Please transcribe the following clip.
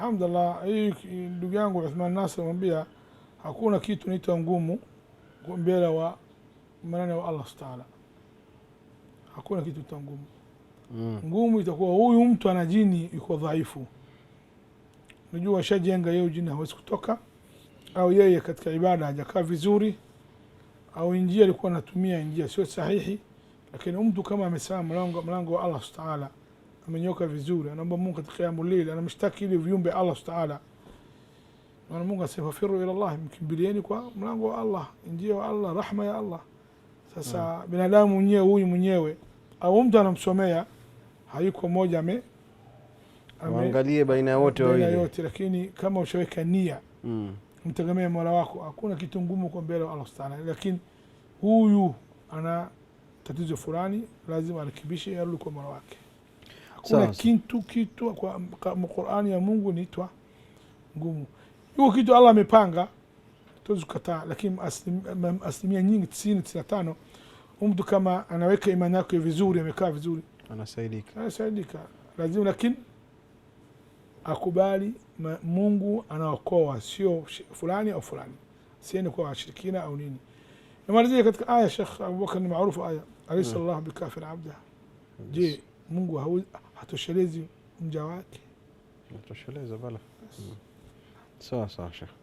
Alhamdulillah, hii ndugu yangu Uthman Nasir amwambia hakuna kitu naitwa ngumu mbele wa maneno wa Allah subhanahu taala, hakuna kitu ta ngumu mm. Ngumu itakuwa huyu mtu ana jini yuko dhaifu, unajua shajenga yeye jini hawezi kutoka, au yeye katika ibada hajakaa vizuri, au njia alikuwa anatumia njia sio sahihi, lakini mtu kama amesema mlango mlango wa Allah subhanahu taala amenyoka vizuri, anaomba Mungu katika kiamu lili, anamshtaki ili viumbe Allah subhanahu wa ta'ala. Maana Mungu asema fafiru ila Allah, mkimbilieni kwa mlango wa Allah, njia wa Allah, rahma ya Allah. Sasa hmm, binadamu mwenyewe huyu mwenyewe au mtu anamsomea hayuko moja ame angalie baina ya wote wawili yote, lakini kama ushaweka nia mm, mtegemee Mola wako, hakuna kitu ngumu kwa mbele wa Allah Subhanahu. Lakini huyu ana tatizo fulani, lazima arekebishe, arudi kwa Mola wake kuna kitu kitu kitwa kwa Qur'ani ya Mungu niitwa ngumu. Hiyo kitu Allah amepanga tuzukataa, lakini asilimia nyingi tisini tisini na tano mtu kama anaweka imani yake vizuri, amekaa vizuri, anasaidika anasaidika, lazima lakini akubali ma, Mungu anaokoa sio fulani au fulani, siende kwa washirikina au nini. Nimalizia katika aya Shekh Abubakar ni maarufu aya, alaisa mm. llahu bikafir abda. Je, Mungu hatoshelezi mja wake, hatosheleza bala. Mm. Sawa sawa, Sheikh.